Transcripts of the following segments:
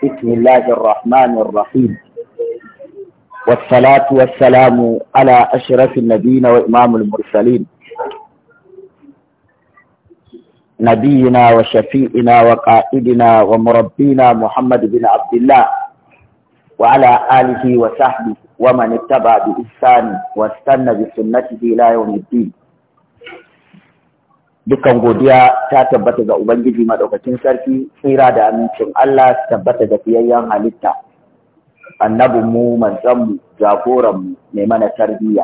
بسم الله الرحمن الرحيم والصلاة والسلام على أشرف النبيين وإمام المرسلين نبينا وشفيئنا وقائدنا ومربينا محمد بن عبد الله وعلى آله وصحبه ومن اتبع بإحسان واستنى بسنته إلى يوم الدين Dukan godiya ta tabbata ga Ubangiji Maɗaukacin Sarki, tsira da amincin Allah tabbata ga fiyayyen halitta, annabinmu, manzanmu, mu mai mana tarbiyya.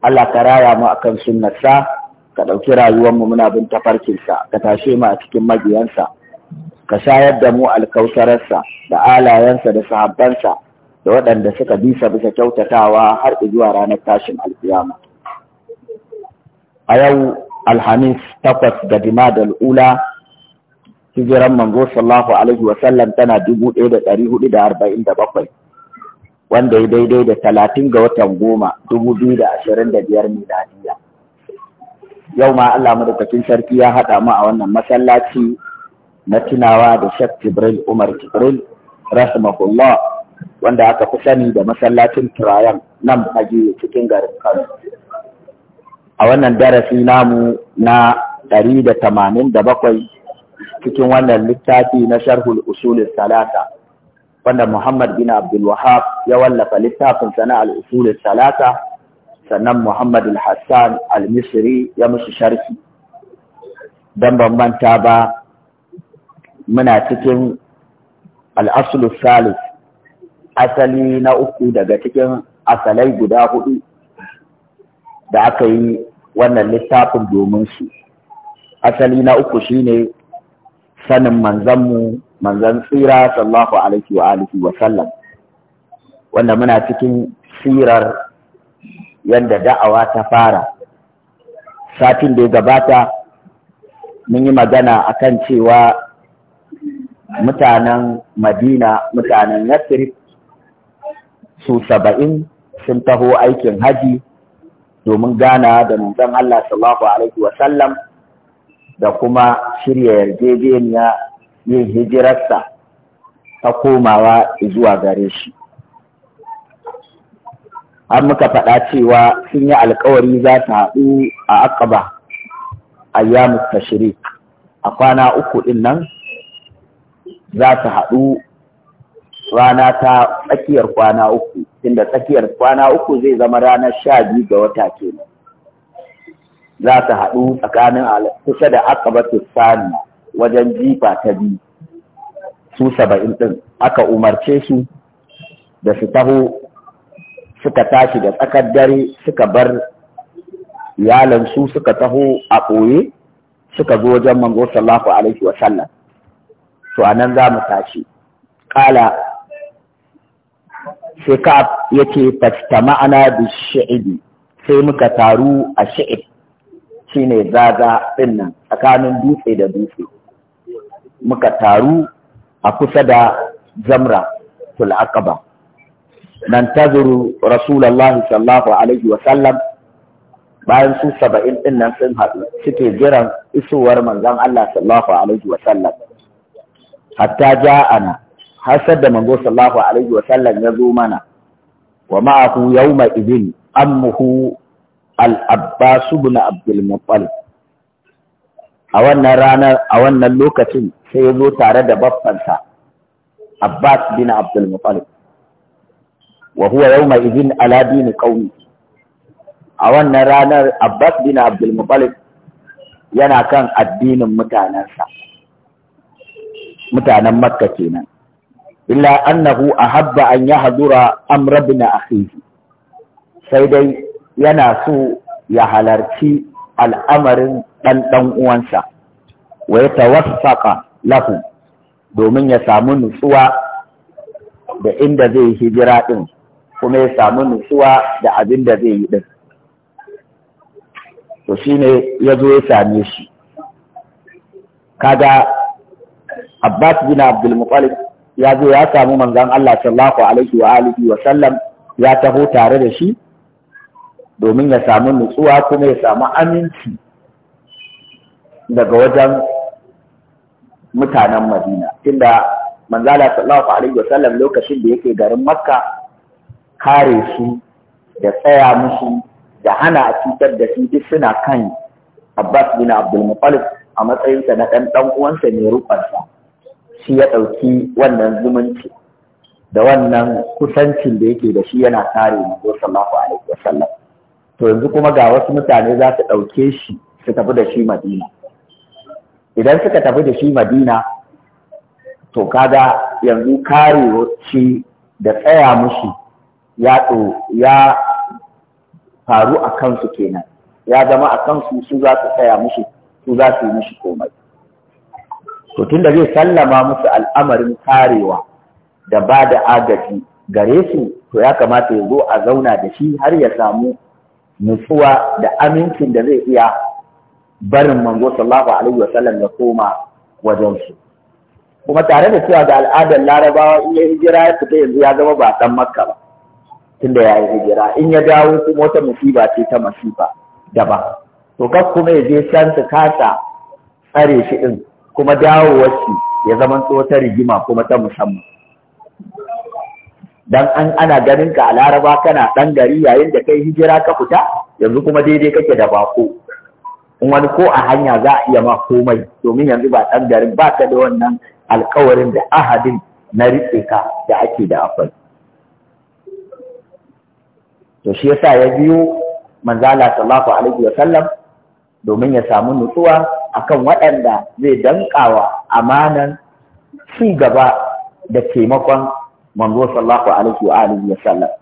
Allah ka raya mu a kan sunnarsa, ka ɗauki rayuwanmu muna bin tafarkinsa, ka tashe mu a cikin magiyansa, ka shayar da mu alkautararsa, da alayensa da sahabbansa, da waɗanda suka bisa bisa kyautatawa har zuwa ranar tashin alkiyama. A yau alhamis takwas ga da ula hijiran manzo Sallahu alaihi wasallam tana dubu ɗaya da ɗari hudu da arba'in da bakwai wanda ya daidai da talatin ga watan goma dubu biyu da ashirin da biyar miladiya yau ma Allah madaukakin sarki ya haɗa mu a wannan masallaci na tunawa da Sheikh Jibril Umar Jibril rahimahullah wanda aka fi sani da masallacin Turayan nan ajiye cikin garin Kano a wannan darasi namu na ɗari da tamanin da bakwai cikin wannan littafi na sharhul usulis salata wanda Muhammad bin Abdul Wahab ya wallafa littafin sana al usulul salata sannan Muhammad al-Hassan al-Misri ya musu sharhi dan bambanta ba muna cikin al-aslu salis asali na uku daga cikin asalai guda hudu da aka yi wannan littafin domin su asali na uku shine sanin manzanmu manzan tsira sallallahu alaihi wa alihi wa sallam wanda muna cikin sirar yadda da'awa ta fara satin da ya gabata mun yi magana akan cewa mutanen madina mutanen yasrib su saba'in sun taho aikin haji domin gana da manzon Allah sallallahu alaihi wa sallam da kuma shirya yarjejeniya yin hijirarsa ta komawa zuwa gare shi an muka faɗa cewa sun yi alkawari za su haɗu a akaba ayyamus tashrik a kwana uku ɗin nan za su haɗu rana ta tsakiyar kwana uku inda tsakiyar kwana uku zai zama ranar sha biyu ga wata kenan za su haɗu tsakanin kusa da ba sani wajen jifa ta biyu su saba'in ɗin aka umarce su da su taho suka tashi da tsakar dare suka bar iyalansu suka taho a ɓoye suka zo wajen manzo sallallahu alaihi wa sallam to nan za mu tashi ƙala. sai ka'ab ya ce ma'ana da shi'ibi sai muka taru a shi'ib ne zaga ɗin nan tsakanin dutse da dutse muka taru a kusa da zamra tul'akaba nan nan zuru Rasulallah sallallahu alaihi wa bayan su saba'in ɗin nan sun haɗu suke jiran isowar manzon Allah sallallahu alaihi wa sallam hatta ja'ana hasar da manzo sallallahu alaihi wasallam ya zo mana wa ma'ahu yawma idin ammuhu al-abbas ibn abdul muttalib a wannan ranar a wannan lokacin sai ya zo tare da baffansa abbas bin abdul muttalib wa huwa yawma idin ala din qaumi a wannan ranar abbas bin abdul muttalib yana kan addinin mutanansa, mutanen makka kenan illa annahu ahabba an yahdura amra ibn akhihi sai dai yana so ya halarci al'amarin dan dan uwansa wa ya tawassaka lahu domin ya samu nutsuwa da inda zai yi hijira din kuma ya samu nutsuwa da abin da zai yi din to shine yazo ya same shi kaga Abbas bin Abdul ya zo ya samu manzan Allah sallallahu alaihi wa alihi wa sallam ya taho tare da shi domin ya samu nutsuwa kuma ya samu aminci daga wajen mutanen Madina tunda Allah sallallahu alaihi wa sallam lokacin da yake garin Makka kare su da tsaya musu da hana a cutar da su duk suna kan Abbas bin Abdul Muttalib a matsayinsa na ɗan ɗan uwansa mai rufansa shi ya ɗauki wannan zumunci da wannan kusancin da yake da shi yana kare manzo sallallahu alaihi wasallam to yanzu kuma ga wasu mutane za su ɗauke shi su tafi da shi madina idan suka tafi da shi madina to kaga yanzu kare shi da tsaya mushi ya ya faru a kansu kenan ya zama a kansu su za su tsaya mushi su za su yi mushi komai to tunda zai sallama musu al'amarin karewa da ba da agaji gare su to ya kamata ya zo a zauna da shi har ya samu nutsuwa da amincin da zai iya barin mango, sallallahu alaihi sallam ya koma su. kuma tare da cewa da al'adar larabawa in ya hijira ya fita yanzu ya zama ba san makka ba tunda ya yi hijira in ya dawo kuma wata musiba ce ta masifa daban to kas kuma ya je san su kasa tsare shi din kuma dawowarsu ya zama tsohon rigima kuma ta musamman Don an ana ganin ka a laraba kana ɗan gari yayin da kai hijira ka fita yanzu kuma daidai kake da bako wani ko a hanya za a iya ma komai domin yanzu ba ɗan garin ba ka da wannan alkawarin da ahadin na riƙe ka da ake da afai to shi yasa ya biyo manzala sallallahu alaihi wa sallam domin ya samu nutsuwa akan waɗanda zai dankawa amanan su gaba da taimakon manzo sallallahu alaihi wa alihi wa sallam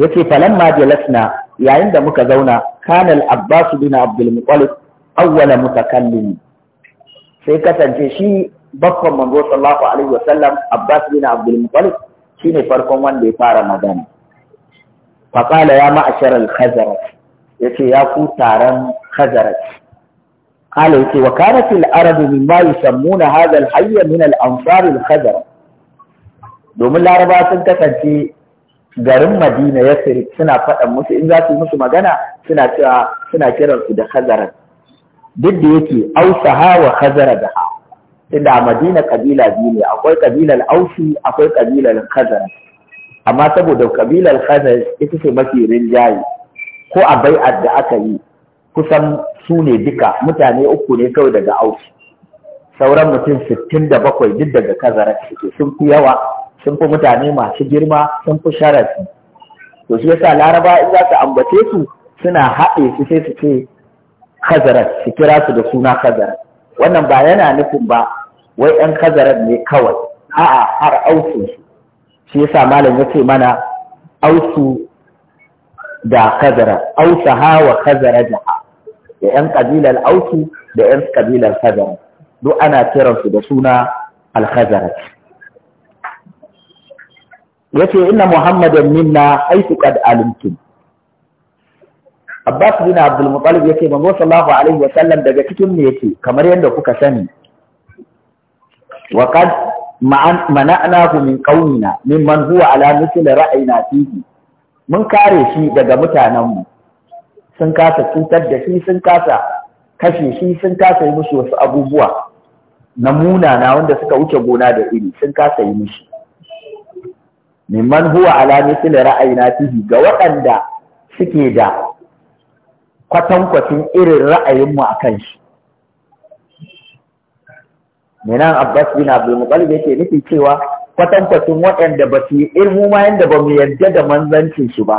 yace falamma jalasna yayin da muka zauna kanal abbas bin abdul muttalib awwala mutakallim sai kasance shi bakon manzo sallallahu alaihi wa sallam abbas bin abdul shine farkon wanda ya fara magana faqala ya a al-khazraj yace ya ku taron khazraj قال يتي وكانت العرب مما يسمون هذا الحي من الأنصار الخزرة domin laraba sun kasance garin madina ya suna faɗan musu in za su musu magana suna cewa suna kiran su da khazara duk da yake ausaha wa khazara da ha inda madina kabila biyu ne akwai kabilar ausi akwai kabilar khazara amma saboda kabilar khazara ita ce mafi rinjaye ko a bai'ar da aka yi kusan su ne duka mutane uku ne kawai daga auki sauran mutum sittin da bakwai duk daga kazara suke sun fi yawa sun fi mutane masu girma sun fi sharafi to shi yasa laraba in za su ambace su suna haɗe su sai su ce kazara su kira su da suna kazara wannan ba yana nufin ba wai 'yan kazara ne kawai a'a har ausu su shi yasa malam ya ce mana ausu da kazara ausaha wa kazara jaha da ‘yan ƙabilar auki da ‘yan ƙabilar hazarat duk ana kiransu da suna alhazarat ya ce ina muhammadan minna haitu kad alimtum abbas bin abdulmutalib ya ce manzo sallallahu alaihi wa daga cikin ne ce, kamar yadda kuka sani wa qad mana'nahu min na, mimman huwa ala mithli ra'ayina fihi mun kare shi daga mutanenmu sun kasa cutar da shi sun kasa kashe shi sun kasa yi musu wasu abubuwa na munana wanda suka wuce gona da iri sun kasa yi musu mimman huwa ala ra'ayi ra'ayina fihi ga waɗanda suke da kwatankwacin irin ra'ayinmu a kan shi minan abbas bin abdul muqallib yake nufi cewa kwatankwacin waɗanda ba su yi ilmu eh, ma yadda ba mu yarda da manzancin shi ba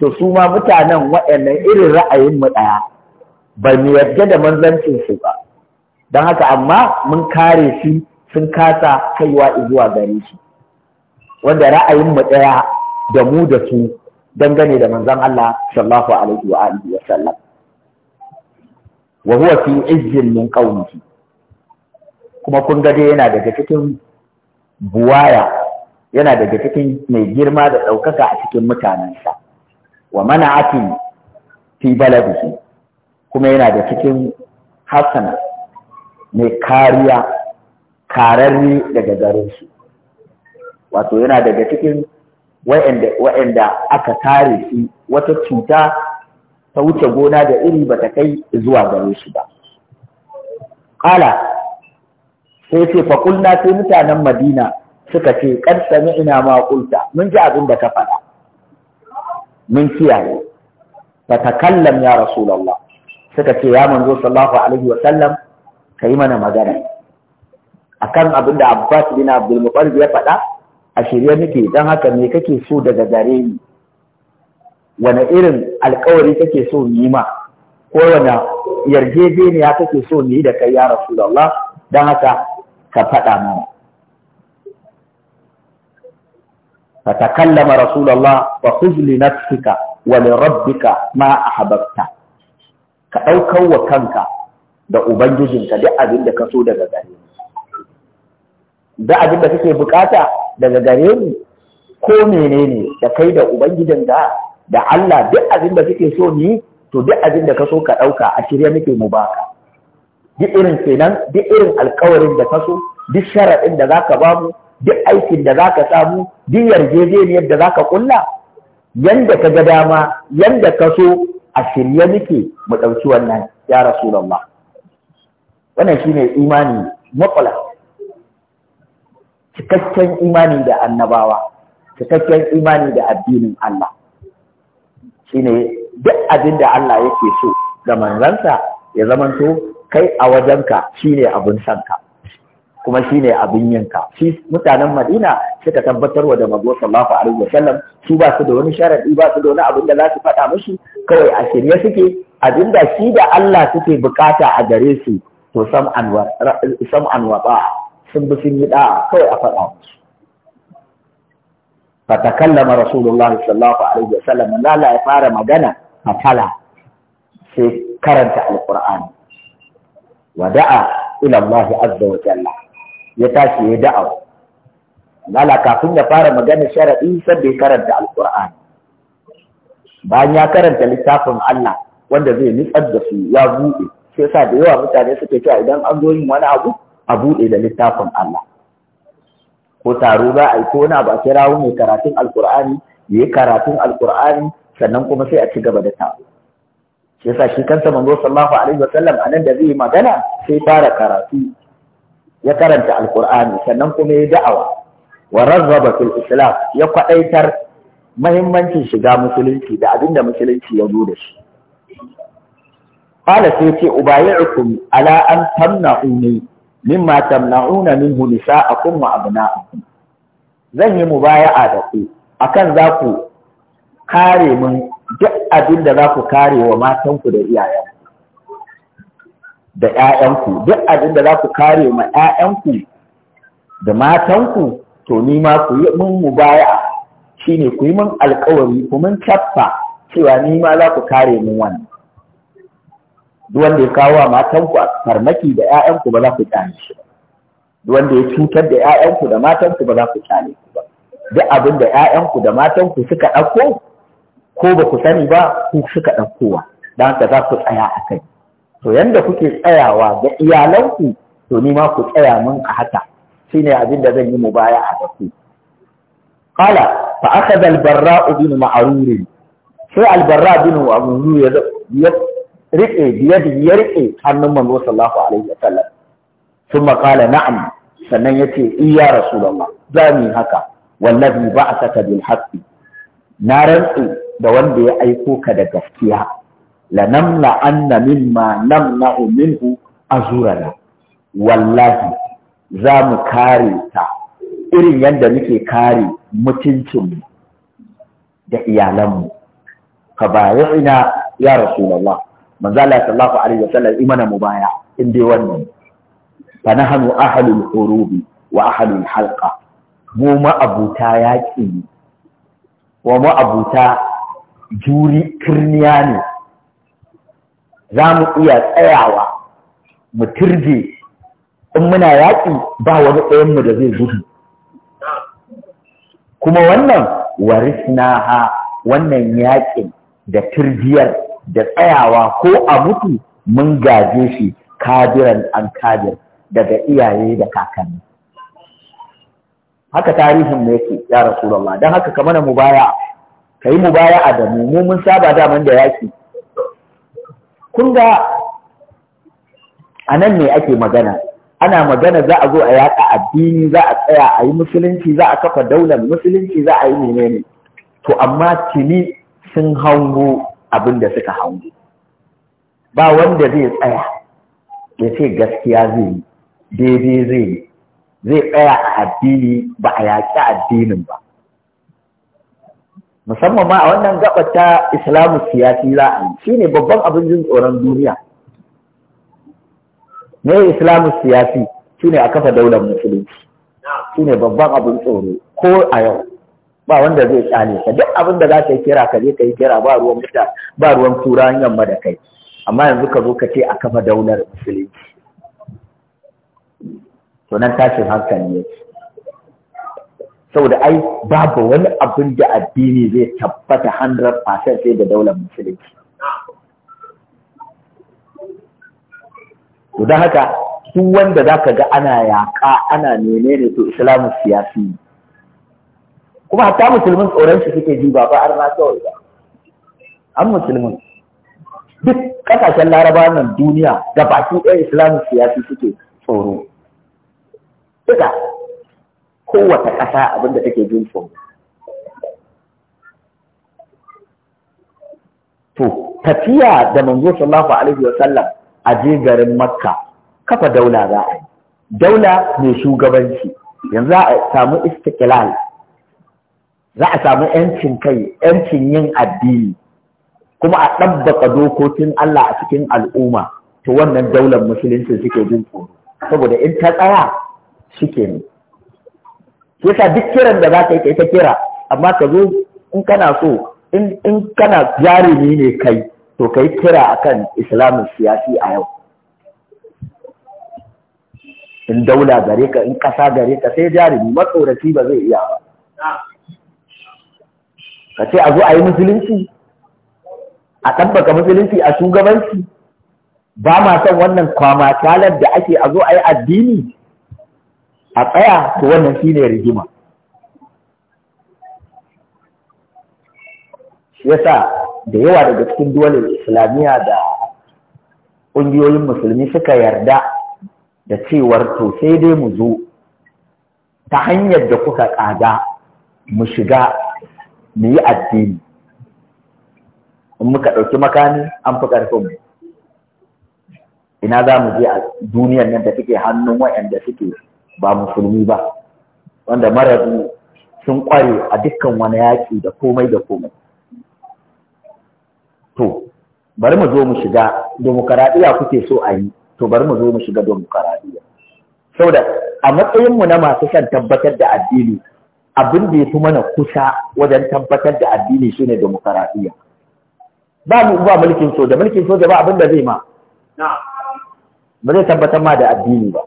to su ma mutanen waɗannan irin ra'ayin mu ɗaya ba mu yarda da manzancin su ba don haka amma mun kare shi sun kasa kaiwa zuwa gare shi wanda ra'ayin mu ɗaya da mu da su dangane da manzon Allah sallallahu alaihi wa alihi wa sallam wa huwa fi izzin min qaumihi kuma kun ga dai yana daga cikin buwaya yana daga cikin mai girma da ɗaukaka a cikin mutanensa wa mana mana'atin fi baladihi kuma yana da cikin hasana mai kariya kararri daga garinsu wato yana daga cikin wa'anda aka tare shi wata cuta ta wuce gona da iri ba ta kai zuwa gare shi ba ƙala sai ce faƙulna sai mutanen madina suka ce ƙarsa ni ina ma ƙulta mun ji abin da ka faɗa mun kiyaye fa takallam ya rasulullah suka ce ya manzo sallallahu alaihi wa sallam kai mana magana akan abin da Abbas bin Abdul Muttalib ya faɗa a shirye nake dan haka me kake so daga gare ni wani irin alkawari kake so ni ma ko wani yarjejeniya kake so ni da kai ya rasulullah dan haka ka faɗa mana فتكلم رسول الله فخذ لنفسك ولربك ما أحببت a وكنك da Ubangijinka duk abin da ka so daga gare ni. Duk abin da kake bukata daga gare ni ko menene da kai da Ubangijinka da Allah duk abin da kake so ni to duk abin da ka ka ɗauka a shirya muke mu baka. Duk irin kenan, duk irin alkawarin da kaso duk sharaɗin da zaka ka bamu, duk aikin da za ka samu duk yarjejeniyar da za ka kulla yanda ka ga dama yanda ka so a shirye muke mu ɗauki wannan ya rasulullah wannan shine imani makwala cikakken imani da annabawa cikakken imani da addinin Allah shine duk abin da Allah yake so ga manzansa ya zamanto kai a wajenka shine abin sanka kuma shi ne abin yinka shi mutanen Madina suka tabbatar wa da mago sallallahu alaihi sallam. su ba su da wani sharadi ba su da wani abin da za su faɗa mushi kawai a shirye suke abinda shi da Allah suke bukata a gare su to sam an sam sun bi sun yi da kawai a faɗa musu fatakallama rasulullah sallallahu alaihi wasallam Allah ya fara magana fatala sai karanta alqur'ani wada'a ila Allah azza wa jalla ya tashi ya da'awa lala kafin ya fara magana sharaɗi sai bai karanta Alƙur'an. bayan ya karanta littafin Allah wanda zai nutsar da su ya buɗe sai sa da yawa mutane suke cewa idan an zo yin wani abu a buɗe da littafin Allah ko taro za a yi ko na abu a kirawo mai karatun alƙur'ani ya yi karatun alƙur'ani sannan kuma sai a ci gaba da taro sa shi kansa manzo sallallahu alaihi wasallam anan da zai yi magana sai fara karatu ya karanta alkur'ani sannan kuma ya da'awa wa razzaba fil islam ya kwadaitar mahimmancin shiga musulunci da abinda musulunci ya zo da shi qala sai ce ubayi'ukum ala an tamna'uni mimma tamna'una minhu nisa'akum wa abna'akum zan yi mubaya'a da ku akan za ku kare mun duk abinda za ku kare wa matanku da iyayenku da ‘ya'yanku, duk abin da za ku kare ma ‘ya'yanku da matanku, to ni ma ku yi mun mu baya shi ne ku yi mun alkawari ku mun cappa cewa ni ma za ku kare mun wannan. Duk wanda ya kawo wa matanku a farmaki da ‘ya'yanku ba za ku kyale shi ba. Duk wanda ya cutar da ‘ya'yanku da matanku ba za ku kyale shi ba. Duk abin da ‘ya'yanku da matanku suka ɗauko ko ba ku sani ba ku suka ɗaukowa. Don haka za ku tsaya a kai. to yanda kuke tsayawa ga iyalanku to ni ma ku tsaya mun ka haka shine abin da zan yi mu baya a da Kala, qala fa akhadha al-barra ibn ma'rur sai al-barra ibn ma'rur ya rike biyadi ya rike hannun manzo sallallahu alaihi wasallam thumma qala na'am sannan yace iya rasulullah zami haka wallazi ba'athaka bil haqqi na rantsu da wanda ya aiko ka da gaskiya lanamla anna mimma namna'u minhu azurana wallahi za mu kare ta irin yadda muke kare mutuncinmu da iyalanmu ka bayi ya rasulullah manzo Allah sallallahu alaihi wasallam imana mu baya in dai wannan fa nahnu ahlul hurubi wa ahlul halqa mu ma abuta yaki wa ma abuta juri kirniya ne za mu iya tsayawa mu turge in muna yaƙi ba wani ɗayanmu da zai gudu kuma wannan ha wannan yaƙin da turbiyar da tsayawa ko a mutu mun gaje shi kadiran an kadir daga iyaye da kakanni haka tarihin mu yake ya rasulullah don haka kamar mu baya ka yi mu baya a damu mu mun saba daman da yaƙi kun ga a nan ne ake magana ana magana za a zo a yaƙa addini za a tsaya a yi musulunci za a kafa daular musulunci za a yi menene to amma tuni sun hango abin da suka hango ba wanda zai tsaya ya ce gaskiya zai yi daidai zai yi zai tsaya a addini ba a yaƙi addinin ba musamman ma a wannan gabar ta islamu siyasi za a shi ne babban abin jin tsoron duniya ne islamu siyasi shi ne a kafa daular musulunci shi ne babban abin tsoro ko a yau ba wanda zai tsane ka duk abin da za ka yi kira ka je ka yi kira ba ruwan muta ba ruwan turan yamma da kai amma yanzu ka zo ka ce a kafa daular musulunci to nan tashin hankali yake saboda ai babu wani abin da addini zai tabbata 100% sai da daular musulunci to don haka su wanda za ka ga ana yaƙa ana ne to islamu siyasi kuma hata musulmin tsoron shi suke ji ba ba har na kawai ba an musulmin duk ƙasashen laraba nan duniya ga baki ɗaya islamu siyasi suke tsoro duka kowace ƙasa abinda take jin tsoro to tafiya da manzo sallahu alaihi wasallam a je garin makka kafa daula za a yi daula mai shugabanci yanzu za a samu istiklal za a samu yancin kai yancin yin addini kuma a ɗabbaka dokokin Allah a cikin al'umma to wannan daular musulunci suke jin tsoro saboda in ta tsaya shi ne yasa duk kiran da za ka yi ka ta kira amma ka zo in kana so in kana jarumi ne kai to ka yi kira akan islamin siyasi a yau in daula gare ka in ƙasa gare ka sai jarumi matsoraci ba zai iya ba ka ce a zo a yi musulunci a tabbaka musulunci a shugabanci ba ma son wannan kwamatalar da ake a zo a yi addini a tsaya to wannan shine rigima yasa da yawa daga cikin duwalar islamiyya da ƙungiyoyin musulmi suka yarda da cewar to sai dai mu zo ta hanyar da kuka tsada mu shiga mu yi addini in muka ɗauki makami an fi ƙarfinmu ina za mu je a duniyar nan da take hannun waɗanda suke ba musulmi ba wanda marabu sun ƙware a dukkan wani yaƙi da komai da komai to bari mu zo mu shiga demokaradiyya kuke so a yi to bari mu zo mu shiga demokaradiyya saboda a matsayinmu na masu san tabbatar da addini abin da ya fi mana kusa wajen tabbatar da addini shine demokaradiyya ba mu ba mulkin soja mulkin soja ba abin da zai ma ba zai tabbatar ma da addini ba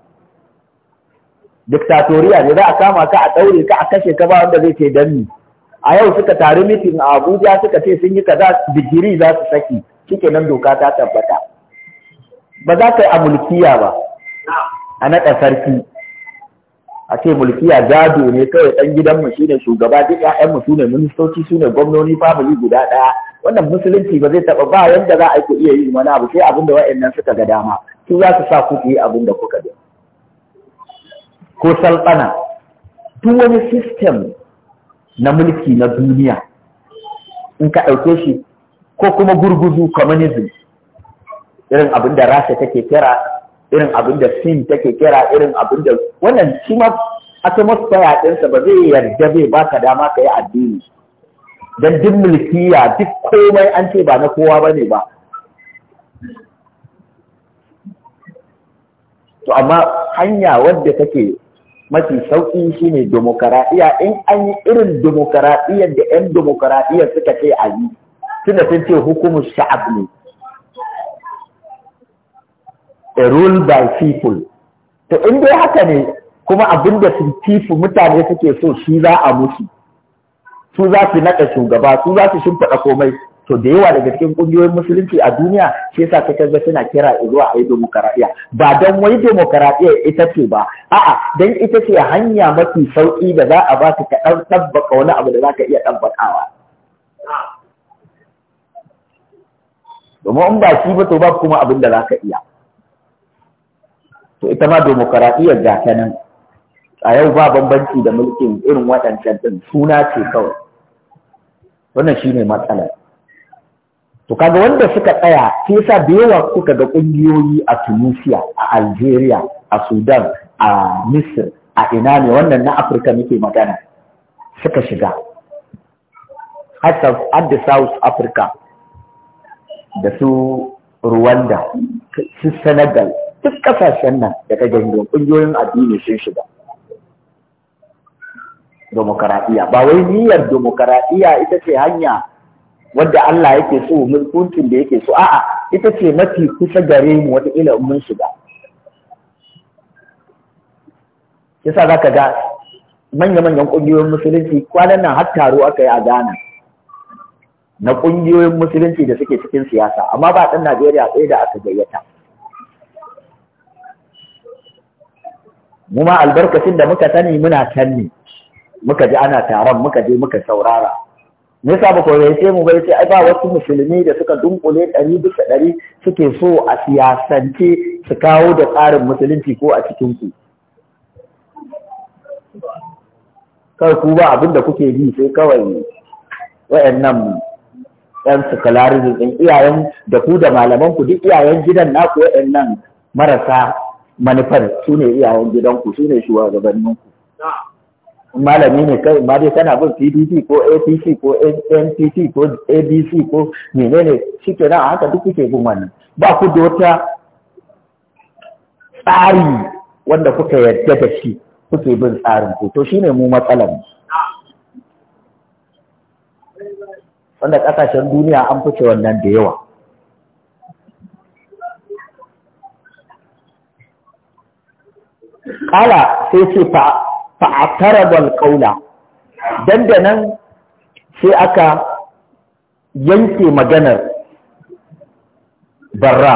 diktatoriya ne za a kama ka a ɗaure ka a kashe ka ba wanda zai ce danni a yau suka tari mitin a abuja suka ce sun yi kaza digiri za su saki kike nan doka ta tabbata ba za ka yi a mulkiya ba a naɗa sarki a ce mulkiya gado ne kawai ɗan gidanmu shine shugaba duk ƴaƴanmu su ne ministoci su ne gwamnoni famili guda ɗaya wannan musulunci ba zai taɓa ba yadda za a iya yin wani abu sai abin da wa'annan suka ga dama su za su sa yi abin da kuka ga ko salɓana duk wani system na mulki na duniya in ka ɗauke shi ko kuma gurguzu communism irin abin da rasha take kira irin abin da sin take kira irin abin da wannan shi ma atmosphere ɗinsa ba zai yarda bai baka dama ka yi addini don duk mulkiya duk komai an ce ba na kowa ba ne ba to amma hanya wadda take mafi sauƙi shine demokaradiya in an yi irin demokaradiyyar da 'yan demokaradiyyar suka ce a yi tunda sun ce hukumar sha'ab ne a rule by people to in dai haka ne kuma abin da sun tifu mutane suke so shi za a musu su za su naɗa shugaba su za su shimfiɗa komai to da yawa daga cikin kungiyoyin musulunci a duniya shi yasa ta kaga suna kira zuwa a yi demokaradiyya ba don wai demokaradiyya ita ce ba a'a don ita ce hanya mafi sauki da za a ba ka ka dan tabbaka wani abu da za ka iya tabbakawa domin in ba shi ba to ba kuma abin da za ka iya to ita ma demokaradiyya ga ta nan a yau ba bambanci da mulkin irin waɗancan din suna ce kawai wannan shi ne matsalar to kaga wanda suka tsaya shi yasa da yawa kuka ga ƙungiyoyi a Tunisia a Algeria a Sudan a Misir a ina ne wannan na Afirka muke magana suka shiga har da South Africa da su Rwanda su Senegal duk kasashen nan da ka gangan kungiyoyin addini sun shiga demokaradiyya ba wai niyyar demokaradiyya ita ce hanya wadda Allah yake so mulkuncin da yake so a'a ita ce mafi kusa gare mu wata ila mun shiga yasa zaka ga manya-manyan ƙungiyoyin musulunci kwanan nan har taro aka yi a Ghana na ƙungiyoyin musulunci da suke cikin siyasa amma ba ɗan Najeriya tsaye da aka gayyata mu ma albarkacin da muka sani muna tanni, muka ji ana taron muka je muka saurara me yasa ba sai mu bai sai ai ba wasu musulmi da suka dunkule ɗari bisa ɗari suke so a siyasance su kawo da tsarin musulunci ko a cikin ku kar ku ba abin da kuke bi sai kawai wayannan yan secularism ɗin iyayen da ku da malaman ku duk iyayen gidan naku wayannan marasa manufar su ne iyayen gidanku su ne ku malami ne kai ma dai kana bin pdp ko apc ko npc ko abc ko menene shi ke nan haka duk kuke bin wannan ba ku da wata tsari wanda kuka yarda da shi kuke bin tsarin ku to shine mu matsalar wanda kasashen duniya an fice wannan da yawa kala sai ce fa fa’atarar kaula dandanan sai aka yanke maganar barra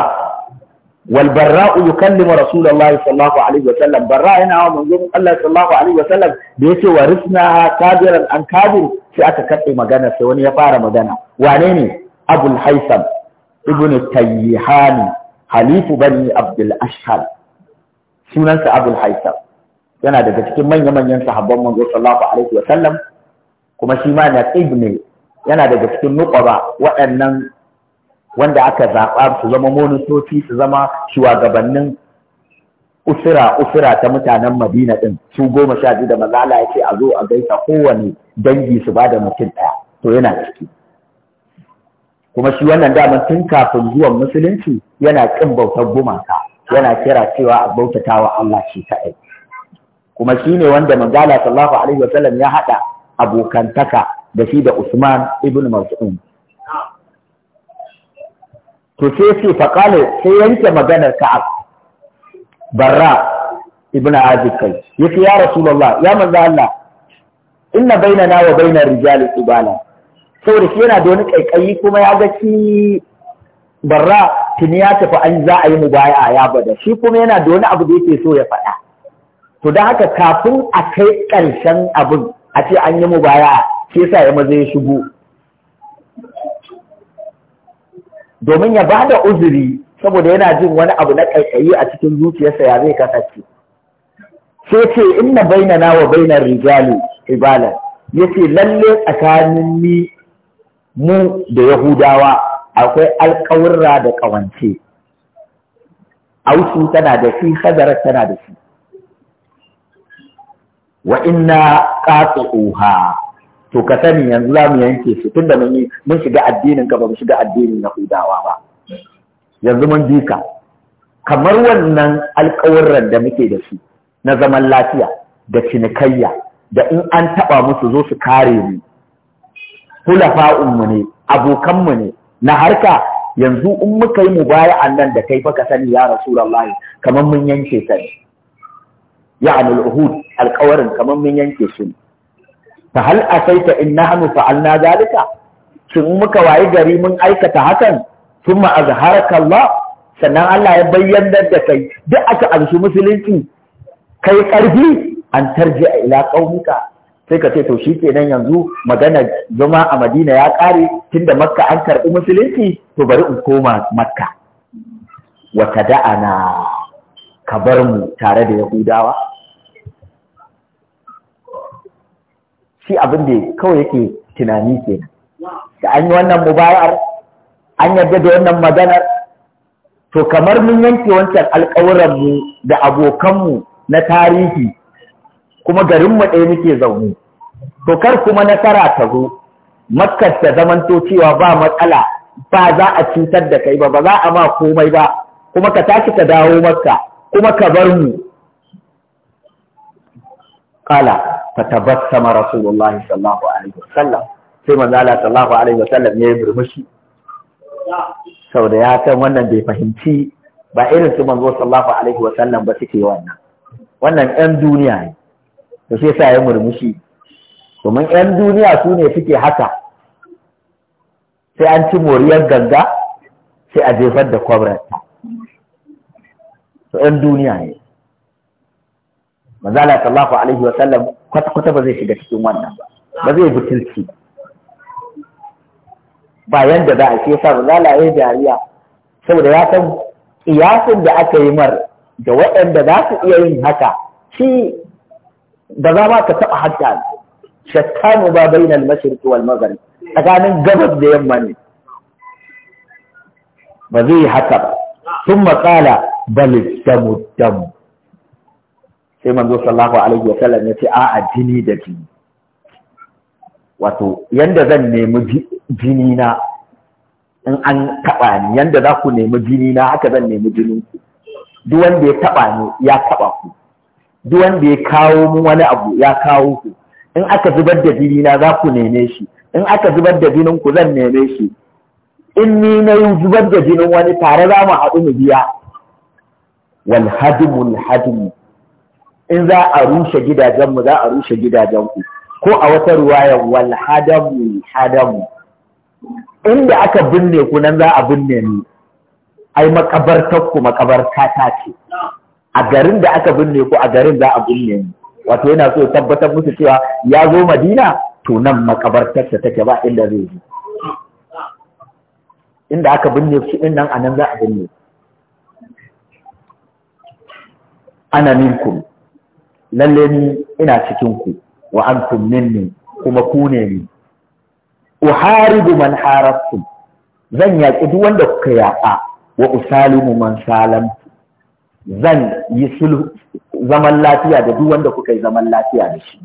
walbarra uyu kallima rasulallah sallallahu alaihi wa sallam barra yana wa manzon Allah sallallahu alaihi wa sallam da yace warisna kadiran an kadir sai aka kace magana sai wani ya fara magana Wanene ne abul ibnu tayyihani halifu bani abdul ashhal sunansa abul yana daga cikin manya-manyan sahabban manzo sallallahu alaihi wa sallam kuma shi ma na ibne yana daga cikin nuqaba waɗannan wanda aka zaɓa su zama monosoci su zama shugabannin usura usura ta mutanen Madina din su goma sha biyu da mazala yake a zo a gaisa kowane dangi su bada mutum ɗaya to yana ciki kuma shi wannan dama tun kafin zuwan musulunci yana kin bautar gumaka yana kira cewa a bautatawa Allah shi kaɗai kuma shine wanda manzala sallallahu alaihi wasallam ya hada abokantaka da shi da Usman ibn Mas'ud to sai ce faqala sai yanke maganar ka barra ibn azib kai yace ya rasulullah ya manzo Allah inna bainana wa bainar rijali ibala saboda shi yana da wani kaikayi kuma ya ga shi barra tuni ya tafi an za a yi mubaya ya bada shi kuma yana da wani abu da yake so ya faɗa to da haka kafin a kai ƙarshen abin a ce an yi mu baya ke sa ya maza ya shigo domin ya ba da uzuri saboda yana jin wani abu na ƙaiƙayi a cikin zuciyarsa ya zai kasance sai ce inna na wa bainar rijali ibala yace lalle tsakanin ni mu da yahudawa akwai alƙawurra da ƙawance ausu tana da shi hadarar tana da shi wa inna oha to ka sani yanzu za mu yanke su tunda mun yi mun shiga addinin ka ba mu shiga addinin na hudawa ba yanzu mun bi ka kamar wannan alƙawarran da muke da su na zaman lafiya da cinikayya da in an taɓa musu zo su kare mu hulafa'unmu ne abokanmu ne na harka yanzu in muka yi mu baya nan da kai fa ka sani ya rasulullahi kamar mun yanke ka ne ya'ni al-uhud alkawarin kamar mun yanke shi fa hal asaita in nahnu fa'alna zalika shin in muka wayi gari mun aikata hakan thumma azharaka Allah sannan Allah ya bayyana da kai duk aka amshi musulunci kai karfi an tarje a ila qaumika sai ka ce to shi kenan yanzu Maganar zama a Madina ya kare tunda Makka an karɓi musulunci to bari in koma Makka Wata da'a na ka bar mu tare da Yahudawa shi abin da kawai yake tunani kenan da an yi wannan mubayar an yarda da wannan maganar to kamar mun yanke wancan alƙawuranmu da abokanmu na tarihi kuma garinmu ɗaya muke zaune to kar kuma nasara ta zo makkar ta zamanto cewa ba matsala ba za a cutar da kai ba ba za a ma komai ba kuma ka tashi ka dawo makka kuma ka bar mu qala fatabassama rasulullahi sallallahu alaihi wasallam sai manzo Allah sallallahu alaihi wasallam ya burmushi da ya san wannan bai fahimci ba irin su manzo sallallahu alaihi wasallam ba suke wannan wannan ɗan duniya ne to sai sa ya murmushi domin ɗan duniya su ne suke haka sai an ci moriyar ganga sai a jefar da kwabrarta to ɗan duniya ne manzala sallallahu alaihi wa sallam kwata kwata ba zai shiga cikin wannan ba ba zai butulci ba yanda za a ce sa manzala ya jariya saboda ya san iyasin da aka yi mar da waɗanda za su iya yin haka shi da za ma ka taɓa hatta shakkanu ba bainal mashriqi wal maghrib tsakanin gabas da yamma ne ba zai haka ba sun matsala bal damu damu sai manzo sallallahu alaihi wa sallam ya ce a'a jini da jini wato yanda zan nemi jini na in an taɓa ni yanda za ku nemi jini na haka zan nemi jinin ku duk wanda ya taɓa ni ya taɓa ku duk wanda ya kawo mu wani abu ya kawo ku in aka zubar da jini na za ku neme shi in aka zubar da jinin ku zan neme shi in ni na yi zubar da jinin wani tare za mu haɗu mu biya wal hadimul hadimu in za a rushe gidajenmu za a rushe gidajenku ko a wata ruwaya, wal hadamu hadamu inda aka binne ku nan za a binne ni ai makabartar ku makabarta ta ce a garin da aka binne ku a garin za a binne ni wato yana so tabbatar musu cewa ya zo Madina to nan makabartar ta take ba inda zai je inda aka binne shi din nan anan za a binne ana minkum lalle ni ina cikin ku wa antum minni kuma ku ne ni uharibu man harabtum zan yaƙi duk wanda kuka yaƙa wa usalimu man salam zan yi sulhu zaman lafiya da duk wanda kuka yi zaman lafiya da shi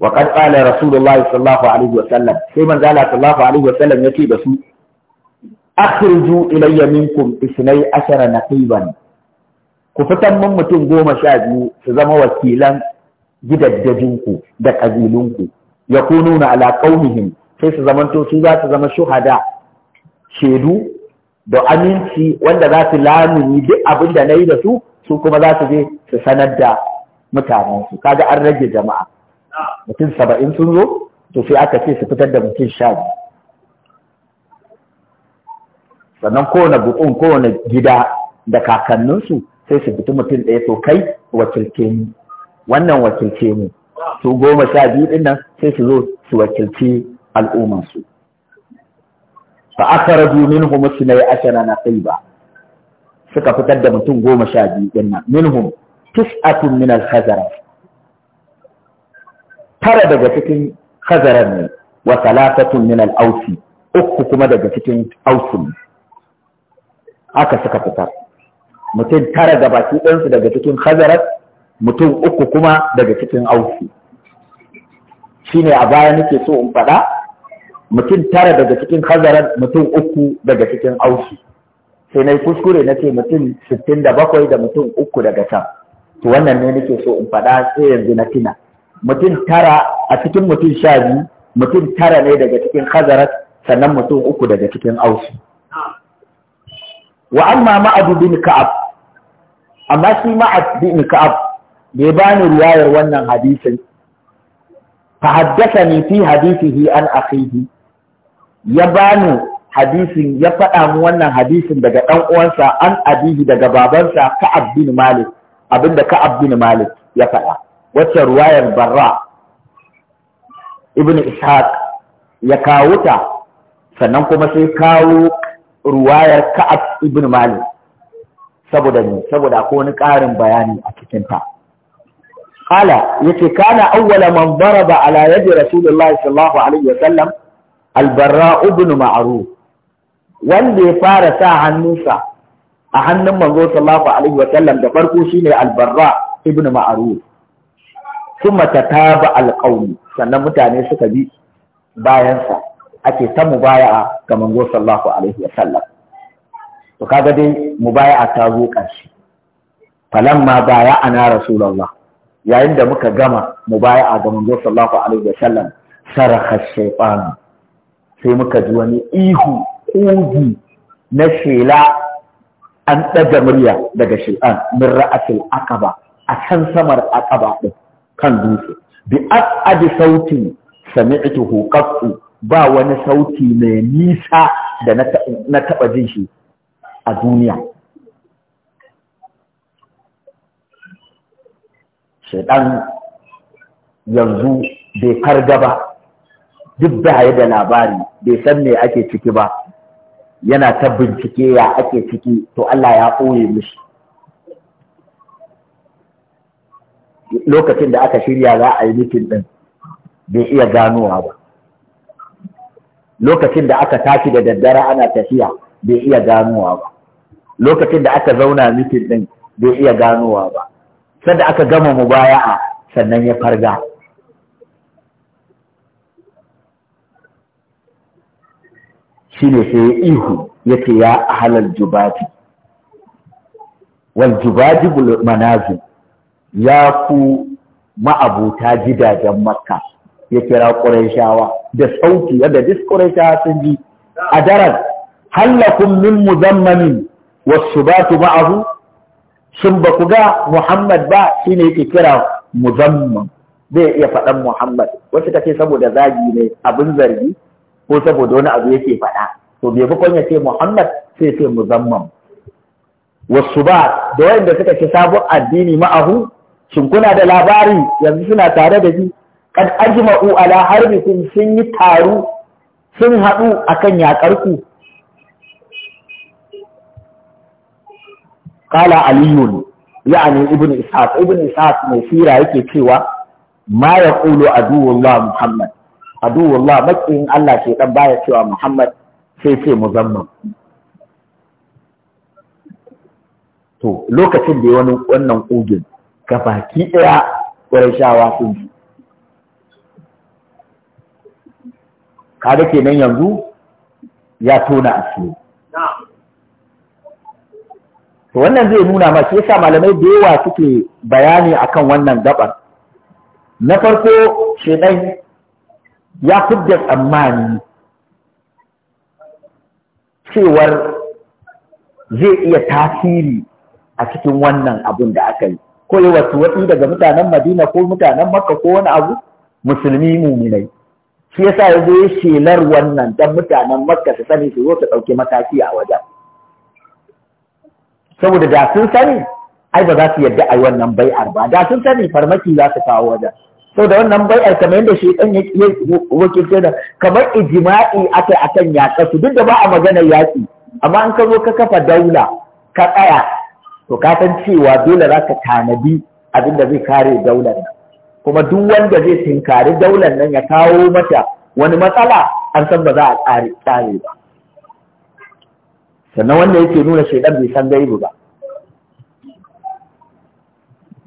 wa qad qala rasulullahi sallallahu alaihi wa sallam sai manzo Allah sallallahu alaihi wa sallam yake da su akhriju ilayya minkum 12 naqiban ku fitan mun mutum goma sha biyu su zama wakilan gidaddajinku da ƙabilunku ya kununa ala alaƙaunihim sai su zamanto su za su zama shuhada shaidu da aminci wanda za su lamuni duk abin da na yi da su su kuma za su je su sanar da mutanensu kaga an rage jama'a mutum saba'in sun zo to sai aka ce su fitar da mutum sha biyu sannan kowane bukun kowane gida da kakanninsu sai su fito mutum ɗaya to kai wakilce ni wannan wakilce mu su goma sha biyu ɗin nan sai su zo su wakilci al'ummansu fa aka raju minhum sunai ashara na ba suka fitar da mutum goma sha biyu ɗin nan minhum tis'atun min al-hazara tara daga cikin hazaran ne wa salatatun min al-ausi uku kuma daga cikin ausin aka suka fitar mutum tara baki ɗansu daga cikin hazarat mutum uku kuma daga cikin Shi ne a baya nake so in faɗa mutum tara daga cikin hazarat mutum uku daga cikin auki sai na yi kuskure na ce mutum sittin da bakwai da mutum uku daga can to wannan ne nake so in faɗa sai yanzu na tuna mutum tara a cikin mutum sha biyu mutum tara ne daga cikin hazarat sannan mutum uku daga cikin auki wa amma ma'adu bin ka'ab amma shi ma'ad bin ka'ab da ya bani riwayar wannan hadisin fa haddathani fi hadithihi an akhihi ya bani hadisin ya faɗa mu wannan hadisin daga ɗan uwansa an abihi daga babansa ka'ab bin malik abinda ka'ab bin malik ya faɗa wacce ruwayar barra ibn ishaq ya kawo sannan kuma sai kawo ruwayar ka'ab ibn malik saboda ni saboda ko wani ƙarin bayani a cikin ta qala yace kana awwala man daraba ala yadi rasulullahi sallallahu alaihi wasallam Albara ibn ma'ruf wanda ya fara sa hannunsa a hannun manzo sallallahu alaihi wasallam da farko shine Albara ibn ma'ruf kuma tataba alqawmi sannan mutane suka bi bayansa ake ta mubaya'a ga manzo sallallahu alaihi wasallam to kaga dai mubaya'a ta zo ƙarshe falamma baya ana rasulullah yayin da muka gama mubaya'a ga manzo sallallahu alaihi wa sallam sarha shaytan sai muka ji wani ihu kogi na shela an ɗaga murya daga shaytan min ra'atil aqaba a can samar aqaba din kan dutse bi as'adi sautin sami'tuhu qattu ba wani sauti mai nisa da na taɓa jin shi a duniya Shaiɗan yanzu bai karga ba duk da haye da labari bai san me ake ciki ba yana ta bincike ya ake ciki to Allah ya ɓoye mishi lokacin da aka shirya za a yi mitin ɗin bai iya ganowa ba lokacin da aka tashi da daddare ana tafiya bai iya ganowa ba lokacin da aka zauna mitin ɗin bai iya ganowa ba sanda aka gama mu baya'a, sannan ya farga shi ne sai ya ihu ya ce ya halar jubaji, wal jubaji manazil ya ku ma'abuta gidajen makka ya kira ƙuraishawa da sauti yadda dis sun ji a daren hallakun min muzammanin Wasu su ma'ahu sun ba ku ga Muhammad ba ne yake kira muzamman zai iya faɗan Muhammad wasu kace saboda zagi ne abin zargi ko saboda wani abu yake faɗa to bai fi ya ce Muhammad sai ce muzamman wasu ba da wanda suka ci sabon addini ma'ahu shin kuna da labari yanzu suna tare da shi kad ajma'u ala harbi sun yi taru sun haɗu akan yaƙarku kala aliyun ya'ani ibnu ishaq ibnu ishaq mai sira yake cewa ma yaqulu aduwullah muhammad aduwullah makin Allah ke dan baya cewa muhammad sai ce muzammam. to lokacin da wani wannan kugin ka baki daya ƙurashawa sun ji kaga kenan yanzu ya tona asiri to wannan zai nuna ma shi yasa malamai da yawa suke bayani akan wannan gabar na farko shedan ya fidda tsammani cewar zai iya tasiri a cikin wannan abin da aka yi ko yi wasu daga mutanen madina ko mutanen makka ko wani abu musulmi muminai shi yasa ya zo shelar wannan dan mutanen makka su sani su zo su ɗauki mataki a wajen saboda da sun sani ai ba za su yadda yi wannan bai'ar ba da sun sani farmaki za su kawo wajen saboda wannan bai'ar kamar yadda shi dan ya wakilce da kamar ijma'i akai akan yaƙa su duk da ba a maganar yaƙi amma an ka zo ka kafa daula ka tsaya to ka san cewa dole za ka tanadi abin da zai kare daular nan kuma duk wanda zai tinkari daular nan ya kawo mata wani matsala an san ba za a tsare ba sannan wanda yake nuna shaidan bai san gaibu ba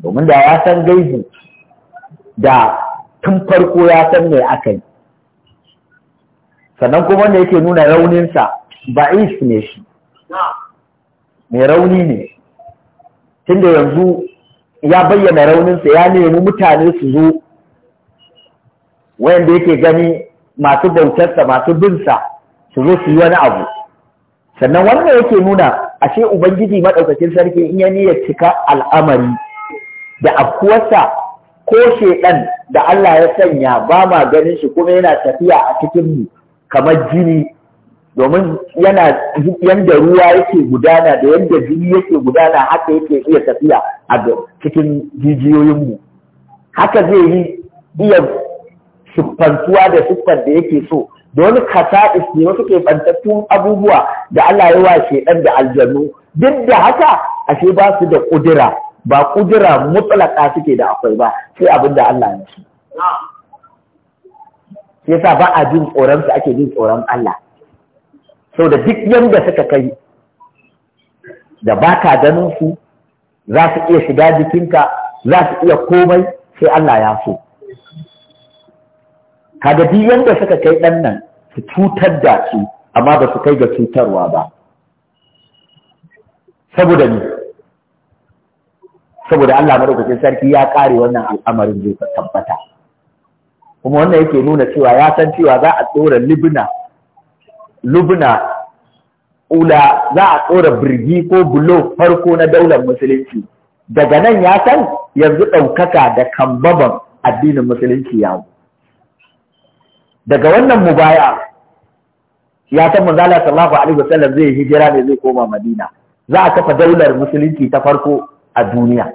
domin da ya san gaibu da tun farko ya san me aka yi sannan kuma wanda yake nuna rauninsa ba ne shi mai rauni ne tunda yanzu ya bayyana rauninsa ya nemi mutane su zo wayanda yake gani masu bautarsa masu binsa su zo su yi wani abu sannan wannan yake nuna ashe ubangiji madaukakin sarki in ya niyyar cika al'amari da afkuwarsa ko shedan da Allah ya sanya ba ma ganin shi kuma yana tafiya a cikin mu kamar jini domin yana yanda ruwa yake gudana da yanda jini yake gudana haka yake iya tafiya a cikin jijiyoyin mu haka zai yi iya siffantuwa da siffar da yake so da wani kata'is ne wasu keɓantattun abubuwa da Allah ya wa shaidan da aljannu duk da haka ashe ba su da ƙudura ba ƙudura mutlaka suke da akwai ba sai abin da Allah ya ci. Sai sa ba a jin tsoron su ake jin tsoron Allah. Sau da duk yanda suka kai da ba ka ganin su za su iya shiga jikinka za su iya komai sai Allah ya so. kaga duk yanda suka kai ɗannan nan su cutar da su amma ba su kai ga cutarwa ba saboda ni saboda Allah madaukakin sarki ya kare wannan al'amarin zai tabbata kuma wannan yake nuna cewa ya san cewa za a tsora libna lubna ula za a tsora birgi ko bulo farko na daular musulunci daga nan ya san yanzu ɗaukaka da kambaban addinin musulunci yawo daga wannan mubaya ya san manzala sallallahu alaihi wasallam zai hijira ne zai koma madina za a kafa daular musulunci ta farko a duniya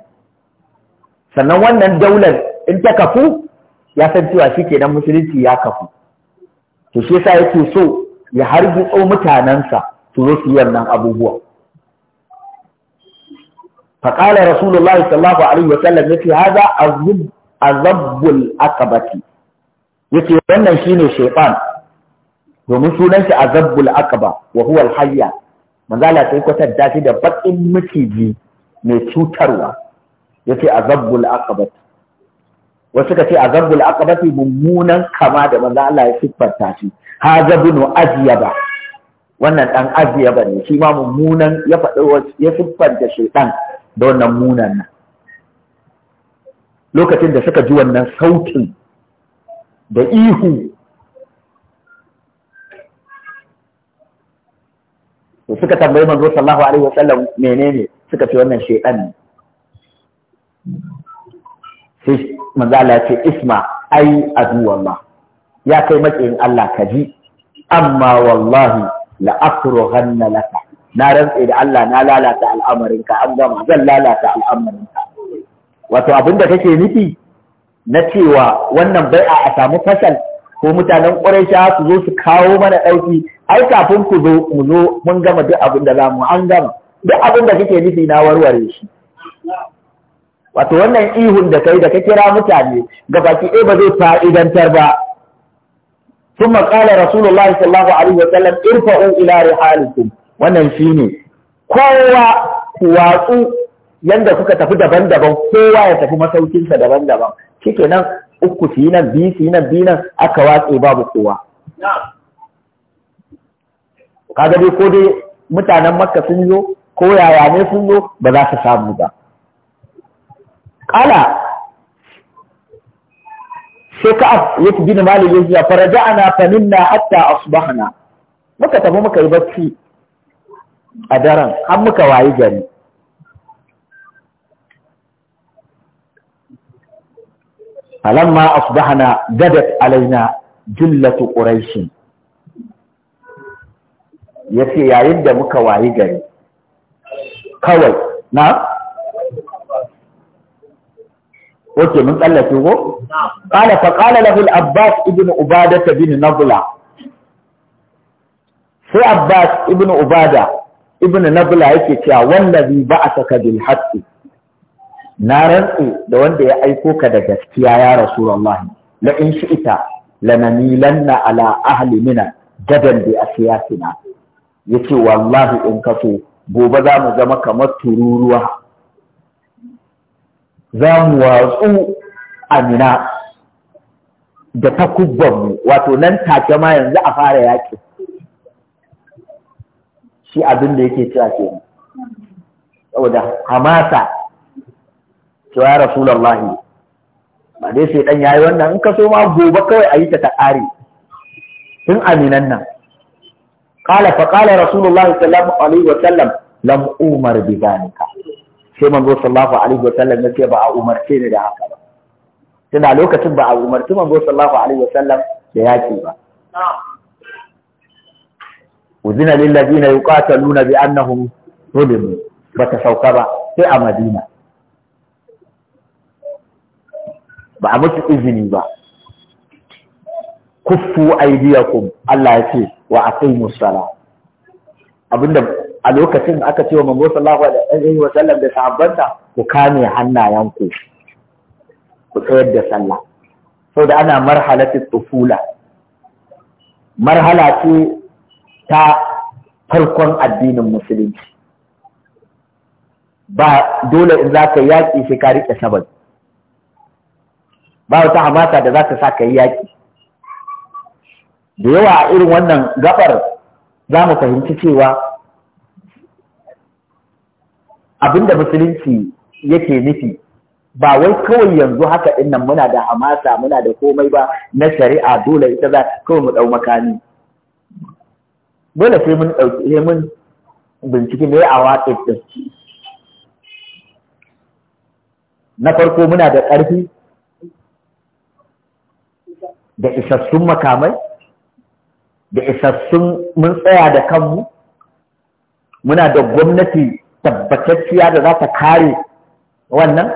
sannan wannan daular in ta kafu ya san cewa shi kenan musulunci ya kafu to shi yasa yake so ya harbi tso mutanensa su zo su yi wannan abubuwa faƙalar rasulullahi sallallahu alaihi wasallam ya ce haza azabbul akabati yace wannan shine shaytan domin sunan shi azabbul aqaba wa huwa al-hayya manzo sai kwatanta shi da bakin miciji mai cutarwa yace azabul aqaba wasu ka ce azabbul aqaba mummunan kama da manzo Allah ya siffanta shi haza bin ajyaba wannan dan ajyaba ne shi ma mummunan ya faɗi ya siffanta shaytan da wannan munan nan lokacin da suka ji wannan sautin da ihu to suka tambayi manzo sallallahu alaihi wasallam menene suka ce wannan shaytan sai manzo Allah ya ce isma ai adu wallah ya kai matsayin Allah ka ji amma wallahi la akruhanna laka na rantse da Allah na lalata al'amarinka an gama zan lalata al'amarinka wato abinda kake nufi na cewa wannan bai a samu fashal ko mutanen ƙwarai su zo su kawo mana ɗauki ai kafin ku zo mu zo mun gama duk abin da zamu an gama duk abin da kake nufi na warware shi wato wannan ihun da kai da ka kira mutane ga baki ɗaya ba zai fa'idantar ba ثم قال رسول الله صلى الله عليه وسلم ارفعوا الى رحالكم wannan shine kowa watsu yanda kuka tafi daban-daban kowa ya tafi masaukinsa daban-daban shikenan uku su nan biyu su nan biyu nan aka watse babu kowa kaga dai ko dai mutanen makka sun zo ko yaya ne sun zo ba za su samu ba kala sai ka'ab ya gina malik ya jiya faraja ana faninna hatta asbahna muka tafi muka yi bacci a daren har muka wayi gari ma asbahna gadat alaina jullatu quraish yace yayin da muka wayi gari kawai na wace mun tsallake ko qala fa qala lahu al-abbas ibn ubadah bin nadla sai abbas ibn ubada ibn nadla yake cewa ba a saka haqqi na rantse da wanda ya aiko ka da gaskiya ya rasulullahi la in shi'ita lananilanna ala ahli mina gadan bi asiyasina yace wallahi in ka so gobe za mu zama kamar tururuwa za mu watsu amina da mu. wato nan take ma yanzu a fara yaƙi shi abin da yake cewa ke saboda hamasa Cewa ya rasulullahi ba dai sai dan yayi wannan in ka so ma gobe kawai ayi ta ta ƙare tun aminan nan Kala fa kala rasulullahi sallallahu alaihi wa sallam lam umar bi zalika sai manzo sallallahu alaihi wa sallam ya ce ba a umarce ni da haka ba tunda lokacin ba a umarci manzo sallallahu alaihi wa sallam da yaki ba uzina lil ladina yuqataluna bi annahum ba ta sauka ba sai a madina ba a musu izini ba kuffu ku, Allah ya ce wa kai abinda a lokacin aka ce wa mambo sallahu alaihi wa sallam da sahabbanta ku kame hannayenku ku tsayar da sallah Sau da ana marhalatin tufula marhala ce ta farkon addinin musulunci ba dole in za ka yaƙi sai ka riƙe sababi ba wata hamasa da za ta sa ka yi yaƙi da yawa a irin wannan gaɓar za mu fahimci cewa abinda musulunci yake nufi ba wai kawai yanzu haka ɗin nan muna da hamasa muna da komai ba na shari'a dole ita za kawai mu ɗau makami dole sai mun ɗauki mun bincike ne a watsa ɗin na farko muna da ƙarfi da isassun makamai da isassun mun tsaya da kanmu muna da gwamnati tabbatacciya da za ta kare wannan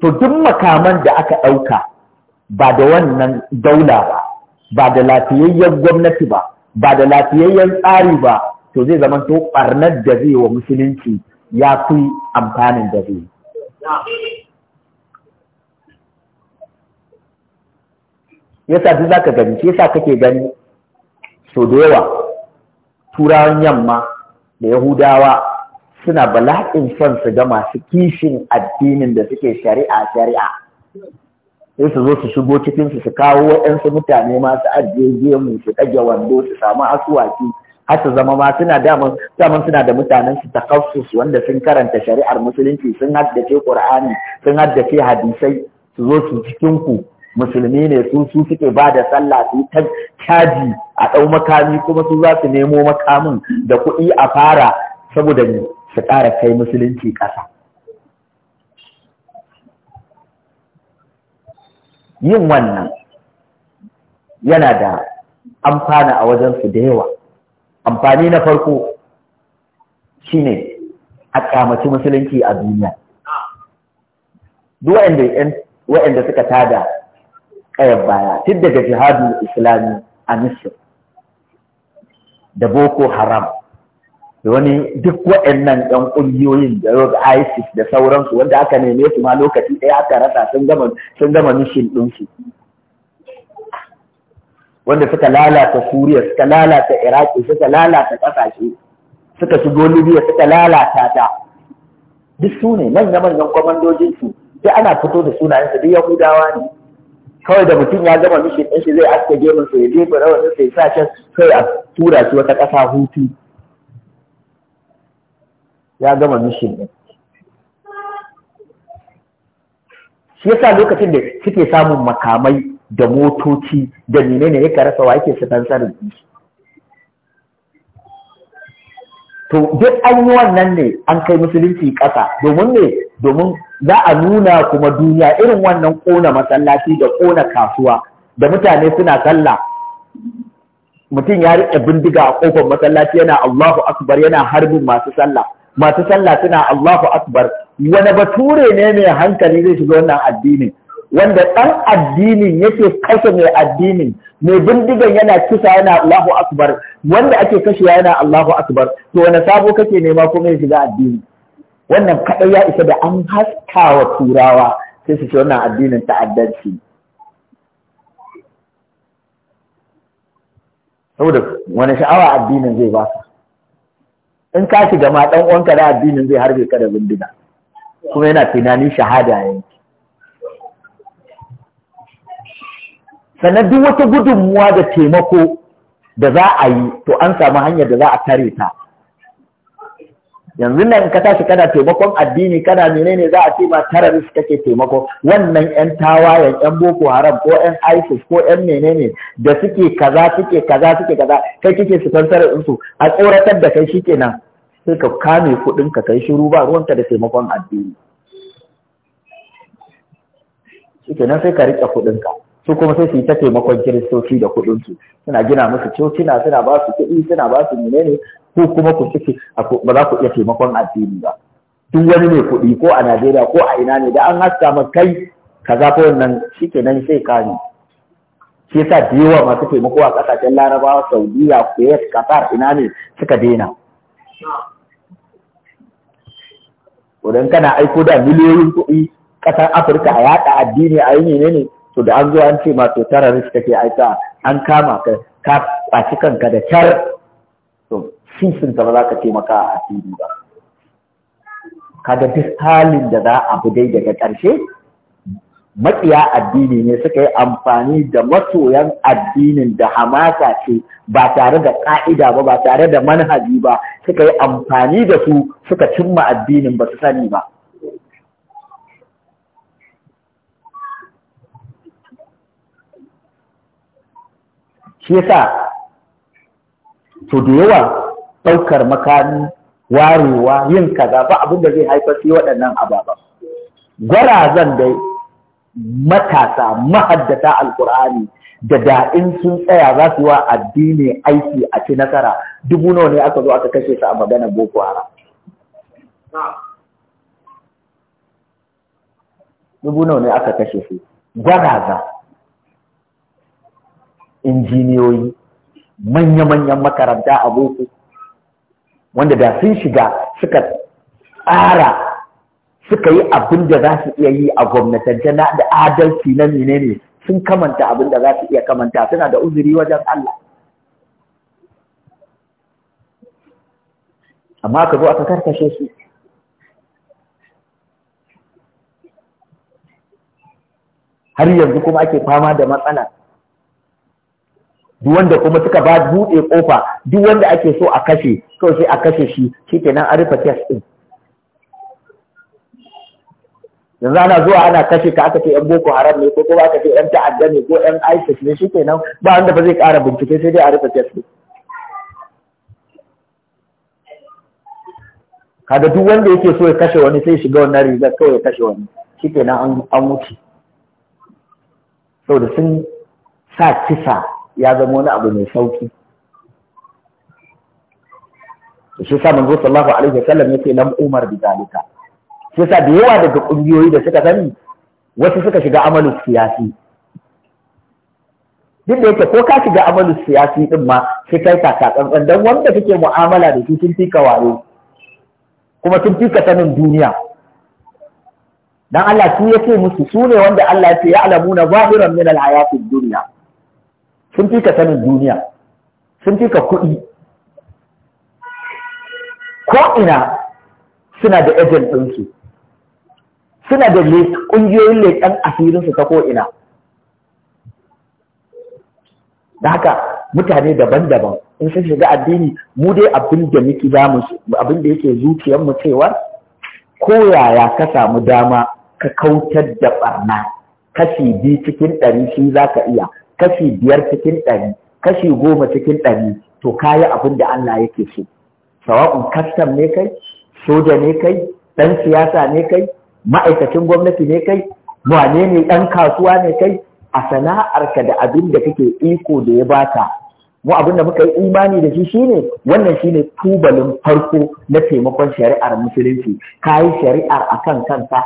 to duk makaman da aka ɗauka ba da wannan daula ba ba da lafiyayyen gwamnati ba ba da lafiyayyen tsari ba to zai zama to ɓarnar da zai wa musulunci ya fi amfanin da zai yasa duk zaka gani shi yasa kake gani so da yawa turawan yamma da yahudawa suna bala'in son su ga masu kishin addinin da suke shari'a shari'a sai su zo su shigo cikin su su kawo waɗansu mutane masu ajiye mu su ɗage wando su samu asuwaki har su zama ma suna daman suna da mutanen su takassus wanda sun karanta shari'ar musulunci sun haddace qur'ani sun haddace hadisai su zo su cikin ku musulmi ne su su suke ba da sallah su ta caji a ɗau makami kuma su za su nemo makamin da kuɗi a fara saboda su ƙara kai musulunci ƙasa yin wannan yana da amfana a wajensu da yawa amfani na farko shine a ƙyamaci musulunci a duniya duk waɗanda suka tada ƙayar baya tun daga jihadin islami a misir da boko haram da wani duk waɗannan ɗan ƙungiyoyin da rogue isis da sauransu wanda aka neme su ma lokaci ɗaya aka rasa sun gama sun mishin ɗinsu wanda suka lalata suriya suka lalata iraki suka lalata ƙasashe suka shigo libya suka lalata ta duk su ne manya-manyan kwamandojinsu sai ana fito da sunayensu duk yahudawa ne kawai da mutum ya gama mishi ɗin shi zai aske gemun sa ya je rawanin sa ya sa can kai a tura shi wata ƙasa hutu ya gama mishi ɗin shi yasa lokacin da suke samun makamai da motoci da menene ya rasa wa yake sanar sanin to duk an yi wannan ne an kai musulunci ƙasa domin ne domin za a nuna kuma duniya irin wannan ƙona masallaci da ƙona kasuwa da mutane suna sallah mutum ya riƙe bindiga a ƙofar masallaci yana Allahu akbar yana harbin masu sallah masu sallah suna Allahu akbar wani bature ne mai hankali zai shiga wannan addinin wanda ɗan addinin yake kashe mai addinin mai bindigan yana kisa yana Allahu akbar wanda ake kashe yana Allahu akbar to wani sabo kake nema kuma ya shiga addini wannan kaɗai ya isa da an haska wa turawa sai su ce wannan addinin ta'addanci saboda wani sha'awa addinin zai ba ka? in ka shiga ma ɗan uwanka da addinin zai harbe ka da bindiga kuma yana tunanin shahada yanki sannan wata gudunmuwa da taimako da za a yi to an samu hanyar da za a tare ta yanzu nan ka tashi kana taimakon addini kana menene za a ce ma terrorist kake taimako wannan yan tawayen yan boko haram ko yan isis ko yan menene da suke kaza suke kaza suke kaza kai kike su tantar su a tsoratar da kai shikenan sai ka kame kudin ka kai shiru ba ruwanka da taimakon addini shikenan sai ka rike kudin ka su kuma sai su yi ta taimakon kiristoci da kuɗin su suna gina musu cocina suna ba su kuɗi suna ba su ne ko kuma ku ciki ba za ku iya taimakon addini ba duk wani ne kuɗi ko a Najeriya ko a ina ne da an haska ma kai ka zafi wannan nan sai ka ne shi yasa da yawa masu taimako a ƙasashen Larabawa Saudiya Kuwait Qatar ina ne suka daina wadanda kana aiko da miliyoyin kuɗi ƙasar Afirka a yaɗa addini a yi ne ne to da an zo an ce ma to terrorist kake aika an kama ka ka kwaci kanka da kyar. to sisin ba za ka maka a asiri ba kaga duk halin da za a bi dai daga ƙarshe maƙiya addini ne suka yi amfani da masoyan addinin da hamasa ce ba tare da ƙa'ida ba ba tare da manhaji ba suka yi amfani da su suka cimma addinin ba su sani ba shi yasa to da yawa ɗaukar makami warewa yin kaza ba abin da zai haifar shi waɗannan ababa gwarazan da matasa mahaddata alkur'ani da da'in sun tsaya za su yi wa addini aiki a ci nasara dubu nawa ne aka zo aka kashe su a maganar boko haram dubu nawa ne aka kashe su gwaraza injiniyoyi manya-manyan makaranta a boko wanda da sun shiga suka tsara suka yi abin da za su iya yi a gwamnatance na da adalci na menene sun kamanta abin da za su iya kamanta suna da uzuri wajen Allah amma ka zo aka karkashe su har yanzu kuma ake fama da matsala duk wanda kuma suka ba buɗe kofa duk wanda ake so a kashe to sai a kashe shi shi nan an rufe kes din yanzu ana zuwa ana kashe ka aka ce yan boko haram ne ko kuma aka ce yan ta'adda ne ko yan ISIS ne shi ke nan ba wanda ba zai ƙara bincike sai dai a rufe kes din kaga duk wanda yake so ya kashe wani sai shiga wannan rigar kawai ya kashe wani shi ke nan an wuce saboda sun sa kisa ya zama wani abu mai sauki shi sa manzo sallallahu alaihi wasallam yake lam umar bi zalika shi sa da yawa daga kungiyoyi da suka sani wasu suka shiga amalin siyasi duk da yake ko ka shiga amalin siyasi din ma sai kai taka tsantsan dan wanda kake mu'amala da shi sun fika wayo kuma sun fika sanin duniya dan Allah su yake musu su ne wanda Allah ya ce ya'lamuna zahiran min al-hayatid dunya sun fi ka sanin duniya sun fi ka kuɗi ko'ina suna da ejen ɗinsu suna da ƙungiyoyin leƙen asirinsu ta ko'ina da haka mutane daban-daban in sun shiga addini mu dai abin da muke mu abin da yake zuciyarmu cewa ko yaya ka samu dama ka kautar da barna kashi biyu cikin ɗari shi za ka iya kashi biyar cikin ɗari kashi goma cikin ɗari to ka yi abin da Allah yake so sawa'un kastam ne kai soja ne kai ɗan siyasa ne kai ma'aikacin gwamnati ne kai wane ne ɗan kasuwa ne kai a sana'arka da abin da kake iko da ya baka mu abin da muka yi imani da shi shine wannan shine tubalin farko na taimakon shari'ar musulunci Ka yi shari'ar a kan kanka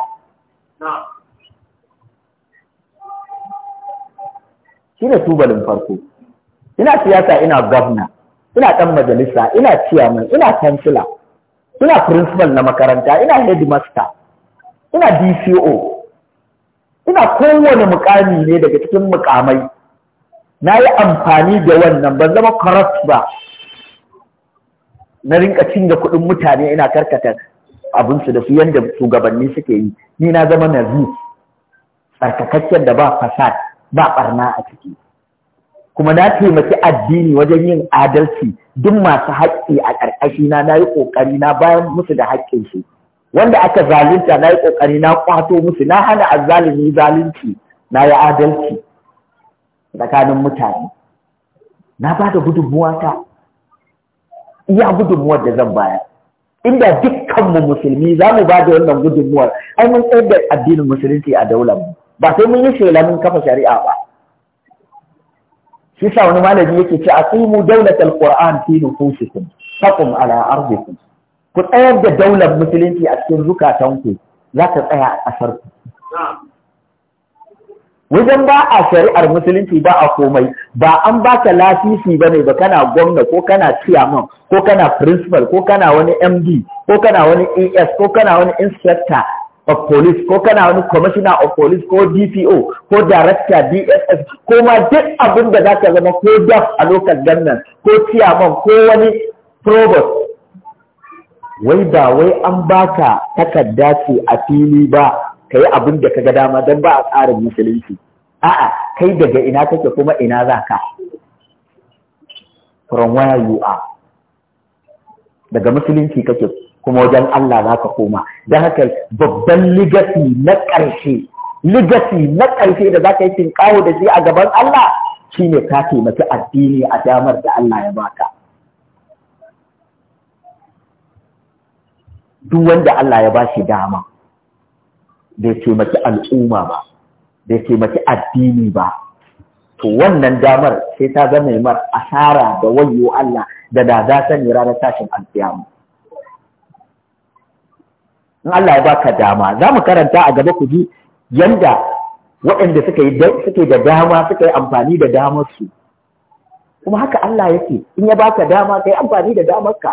shi ne tubalin farko ina siyasa ina gwamna ina ɗan majalisa ina chairman ina kansila ina principal na makaranta ina headmaster ina DCO ina kowane mukami ne daga cikin mukamai na yi amfani da wannan ban zama corrupt ba na rinka cinye kuɗin mutane ina karkata abinsu da su yadda shugabanni suke yi ni na zama nazi, tsarkakakken da ba fasad ba barna a ciki kuma na taimaki addini wajen yin adalci duk masu haƙƙi a ƙarƙashi na na yi ƙoƙari na bayan musu da haƙƙinsu wanda aka zalunta na yi ƙoƙari na ƙwato musu na hana azzalumi zalunci na yi adalci tsakanin mutane na ba da gudunmuwa ta iya gudunmuwar da zan bayar inda dukkanmu musulmi za mu ba da wannan gudunmuwar ai mun tsayar da addinin musulunci a daular mu ba sai mun yi shela mun kafa shari'a ba shi sa wani malami yake ce aqimu dawlatal qur'an fi nufusikum taqum ala ardikum ku tsayar da daular musulunci a cikin zukatanku za ta tsaya a ƙasar ku wajen ba a shari'ar musulunci ba a komai ba an ba baka lasisi ba ne ba kana gwamna ko kana chairman ko kana principal ko kana wani md ko kana wani as ko kana wani inspector of police ko kana wani commissioner of police ko DPO ko director DSS ko ma duk abin da zaka zama ko daf a local gannan ko chairman ko wani provost wai ba wai an baka takarda ce a fili ba kai abin da kaga dama don ba a tsarin musulunci a'a kai daga ina kake kuma ina ka from where you are daga musulunci kake kuma wajen Allah za ka koma Da haka babban ligasi na ƙarshe ligasi na ƙarshe da za ka yi tinkawo da shi a gaban Allah shine ka taimaki addini a damar da Allah ya baka duk wanda Allah ya ba shi dama bai taimaki al'umma ba bai taimaki addini ba to wannan damar sai ta zama mar asara da wayo Allah da da za sani ranar tashin alkiyama in Allah ya baka dama za mu karanta a gaba ku ji yanda waɗanda suka yi suke da dama suka yi amfani da damar su kuma haka Allah yake in ya baka dama kai amfani da damar ka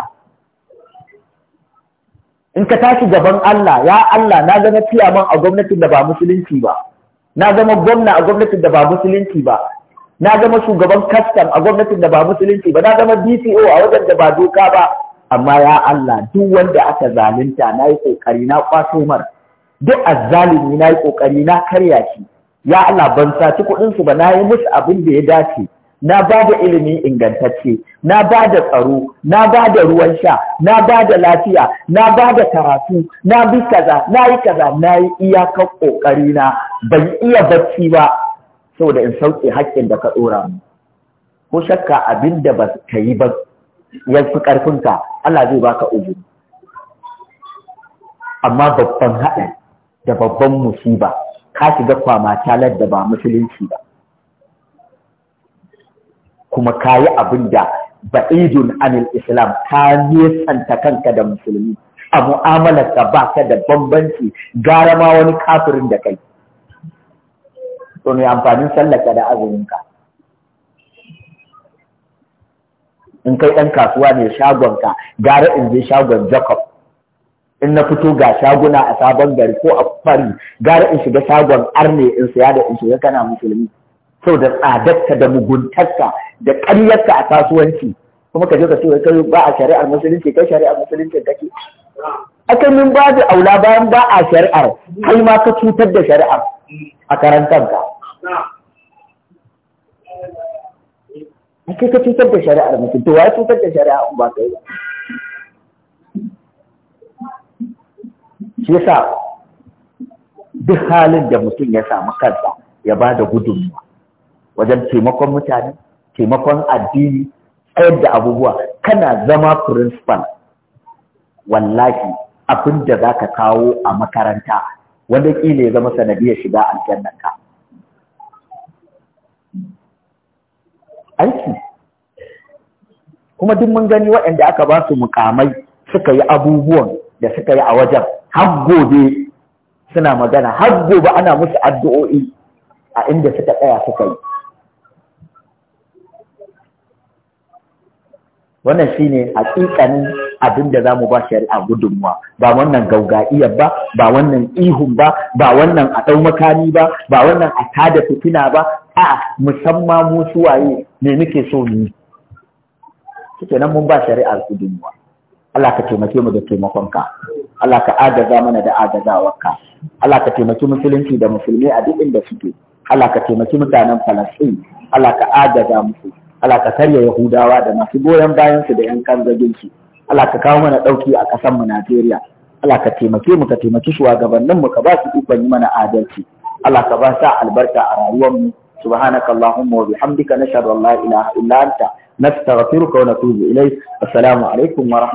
in ka tashi gaban Allah ya Allah na zama ciyaman a gwamnatin da ba musulunci ba na zama gwamna a gwamnatin da ba musulunci ba na zama shugaban kastam a gwamnatin da ba musulunci ba na zama DCO a wajen da ba doka ba amma ya Allah duk wanda aka zalunta na yi ƙoƙari na kwaso mara duk azzalimi na yi ƙoƙari na karya shi ya Allah ban saci su ba na musu abin da ya dace na bada ilimi ingantacce na bada tsaro na bada ruwan sha na bada lafiya na bada da karatu na bi kaza na yi kaza na yi iyakar ƙoƙari na ban iya bacci ba saboda in sauke haƙƙin da ka dora mu ko shakka abin da ba ka yi ba ya fi ƙarfinka Allah zai baka uzuri amma babban haɗa da babban musiba ka shiga kwama talar da ba musulunci ba kuma ka yi abin da ba'idun anil islam ka nesanta kanka da musulmi a mu'amalarka ba ka da bambanci gara ma wani kafirin da kai Sun yi amfanin sallaka da azuminka in kai ɗan kasuwa ne shagonka gara in je shagon jacob in na fito ga shaguna a sabon gari ko a fari gara in shiga shagon arne in saya da in shiga kana musulmi da tsadarka da muguntarka da ƙaryarka a kasuwanci kuma ka je ka ce kai ba a shari'ar musulunci kai shari'ar musulunci kake akan min ba da aula bayan ba a shari'ar kai ma ka cutar da shari'ar a karantar ka a ka cutar da shari'ar to ya cutar da shari'a ba ba shi yasa duk halin da mutum ya samu kansa ya ba da gudunmuwa wajen taimakon mutane taimakon addini tsayar da abubuwa kana zama principal wallahi abin da za ka kawo a makaranta wanda ƙila ya zama sanadiyar shiga aljannan ka aiki kuma duk mun gani waɗanda aka ba su mukamai suka yi abubuwan da suka yi a wajen har gobe suna magana har gobe ana musu addu'o'i a inda suka tsaya suka yi wannan shine hakikanin abin da mu ba shari'a gudunmuwa ba wannan gauga'iya ba ba wannan ihun ba ba wannan a ɗau makami ba ba wannan a tada fitina ba a musamman mu waye ne muke so mu kike nan mun ba shari'a gudunmuwa Allah ka taimake mu da taimakonka Allah ka agaza mana da agazawarka Allah ka taimaki musulunci da musulmi a duk inda suke Allah ka taimaki mutanen Falasɗin Allah ka agaza musu Allah ka karya Yahudawa da masu goyon bayan su da yan kanzagin su Allah ka kawo mana dauki a kasar mu Najeriya Allah ka taimake mu ka taimaki shugabannin mu ka ba su ikon yi mana adalci Allah ka ba sa albarka a rayuwar mu سبحانك اللهم وبحمدك نشهد ان لا اله الا انت نستغفرك ونتوب اليك السلام wa ورحمه